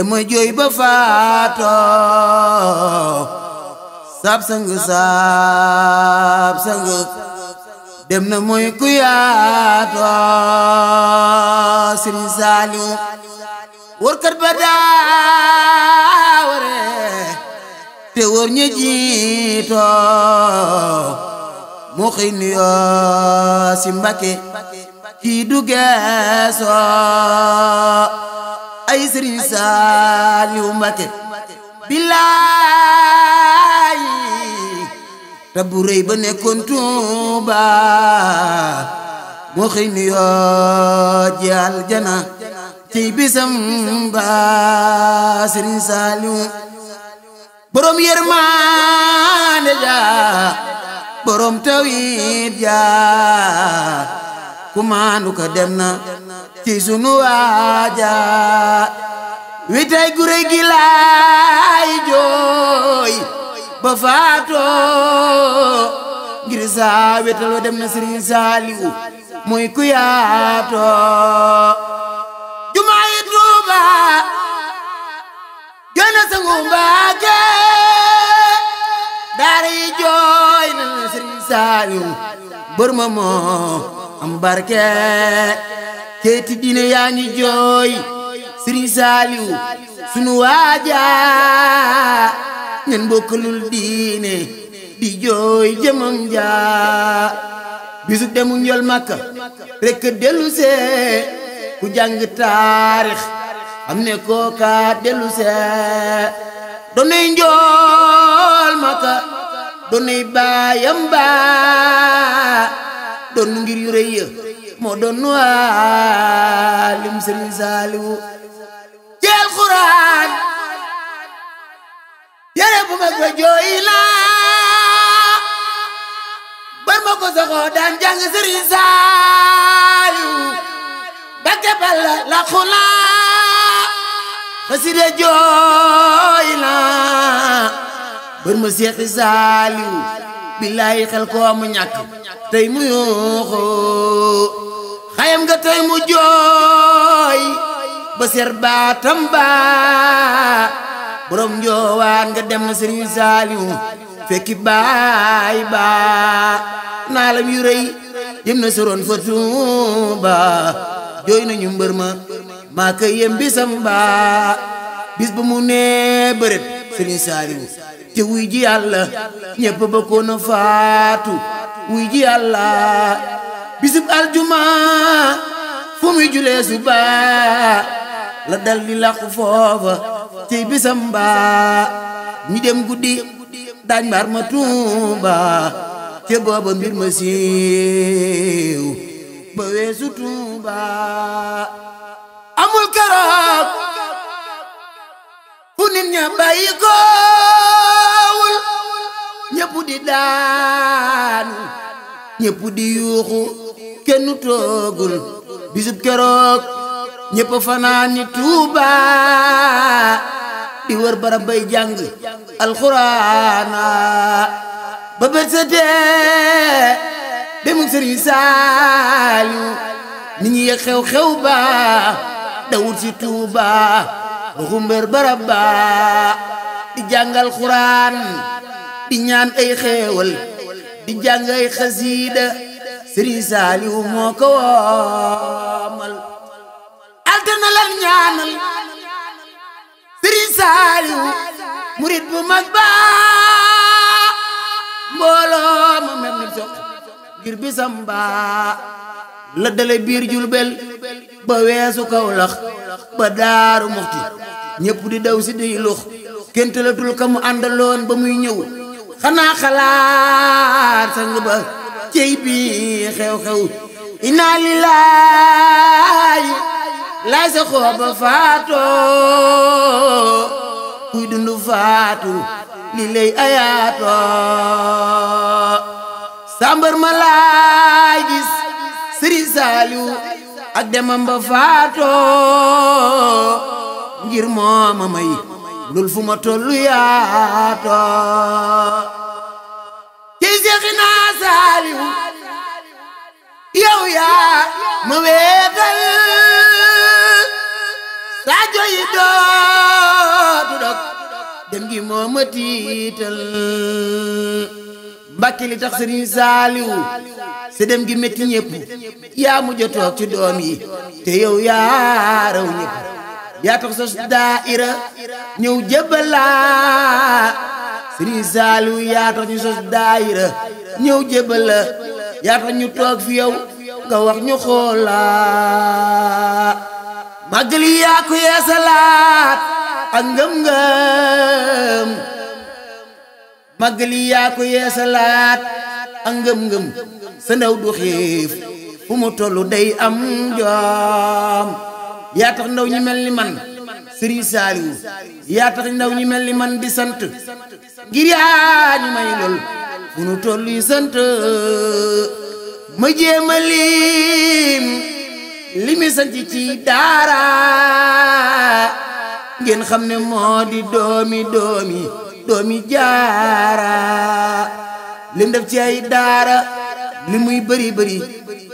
te ma jooy ba faatoo saab sang saab sang dem na mooy ku yaatoo Sëriñ Saaliw wërkat ba daaware te wër ña jiitoo mu xëy nuyoo si Mbàkke du geesoo ay billaay te bu rëy ba nekkoon Tuuba moo yoo ji aljana ciy bisam ba sëriñ Saaliw borom yërmaande ja borom tawit ja ku maandu ko dem na ci sunu waaja wi tay gure gi laay jooy ba faatoo ngir saa wetaloo dem na Sëriñ Saaliwu muy ku yaatoo jumaa yi Tuuba gën a sangu Mbàkke daara yi jooy na Sëriñ Saaliwu bër ma moo am ceeti diine yaa ngi jooy sëriñ saaliw sunu waaja diine di jooy jëmam ja bisu demu makka rekk dellu ku jàng taarix xam ne kooka dellu see donay makka donay baayam ba doon ngir yu rëy mo doon waalim sëriñ Saaliwu xuraan yére bu mag ba jooy naa bar ma ko soxoo daan jàng sëriñ Saaliwu bakke balla la xulaa xasida jooy naa xel koo mu tey mu yooxoo ndayam nga tey mu jooy baatam baa borom nga dem na sëriñ saaliw fekki baay baa na soroon nañu mbër maa koy yem bisam baa bis ba mu nee bërët sëriñ saaliw te ji yàlla ñëpp ba koona faatu wuy ji yàlla bisub aljuma muy julee suba la dal di làqu foofa tey bisam ba ñu dem guddi daañ mbaar ma tuuba te booba mbir ma siiw ba weesu tuuba amul keroog fu nit ña bàyyi koowul ñëpp di daanu ñëpp di yuuxu kenn toogul bisub keroog ñëpp fanaan ni Tuuba di wër barab bay jàng alxuraana ba bët setee demuk sëriñ Saaliu nit ñi yëg xew-xew ba dawut si Tuuba ruxumbër barab di jàng alxuraan di ñaan ay xeewal di jàng ay xasiida Sëriñ moo ko woomal ñaanal Sëriñ Saaliw murit bu mag ba mbooloo ma mel ni soq ngir bisam la dale biir Jurbel ba weesu Kawlax ba Daaru Muxti ñépp di daw si di lux kentalatul ka mu àndaloon ba muy ñëw xanaa xalaat sang ba cey bi xew-xew inna lillaahi lay sa xooba faato kuy dundu faatu li lay ayaato sambar ma laay gis sëriñ ak demam ba faato ngir mooma may lul fu ma tollu yaato Seexinaa yaa ma weetal saajo yi dootu dog dem gi moo ma tiital mbàkke tax sëriñ saaliw se dem gi métti ñëpp yaa mujj toog ci doom yi te yow yaa raw ñëpp yaa tax sos daa'ira ñëw jëbbalaa risaalu yaa tax ñu sos daayira ñëw jébal la yaa tax ñu toog fi nga wax ñu xoolaa màggal yaa ko yeesalaat ak ngëm-ngëm sa ndaw du xiif fu tollu day am jom yaa ndaw ñu mel ni man sëriñ Saaliwu yaa tax ndaw ñi mel ni man di sant ngir yaa ñu may lool fu nu toll yi sant ma jéema lim li mi sant ci daara ngeen xam ne moo di doomi doomi doomi jaara lim def ci ay daara li bëri bëri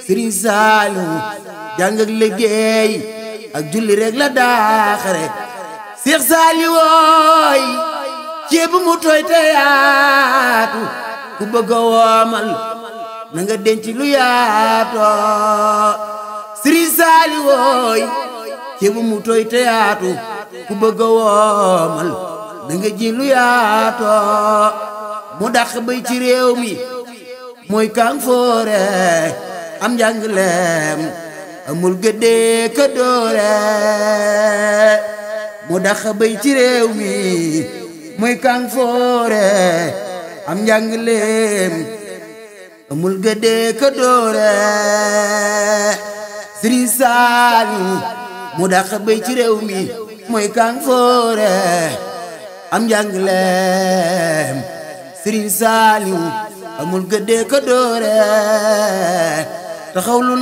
sëriñ Saaliwu jàng ak liggéey ak julli rek la daaxare Seex Saali wooy ceeb mu tooy te ku bëgg a woomal na nga lu yaatoo Sëriñ Saali wooy ceeb mu tooy te ku bëgg a woomal na nga lu yaatoo mu dàq bay ci réew mi mooy kàng foore am njàngleem amul gëddee ka doole mu dax béy ci réew mi muy kàng foore am njàngaleem amul gëddee ka doole Sëriñ mu dax béy ci réew mi muy kàng foore am njàngaleem Sëriñ Saaliw amul gëddee ka doole taxawlu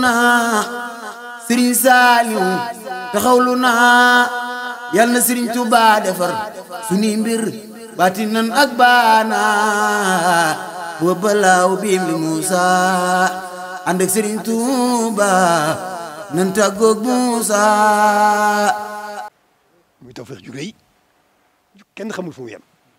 sëriñ saaliw taxawlu naa yal na sëriñ Tuubaa defar sunuy mbir baatinan ak baana boo balaaw biim li Muusa ànd ak sëriñ nan tàggoog Muusa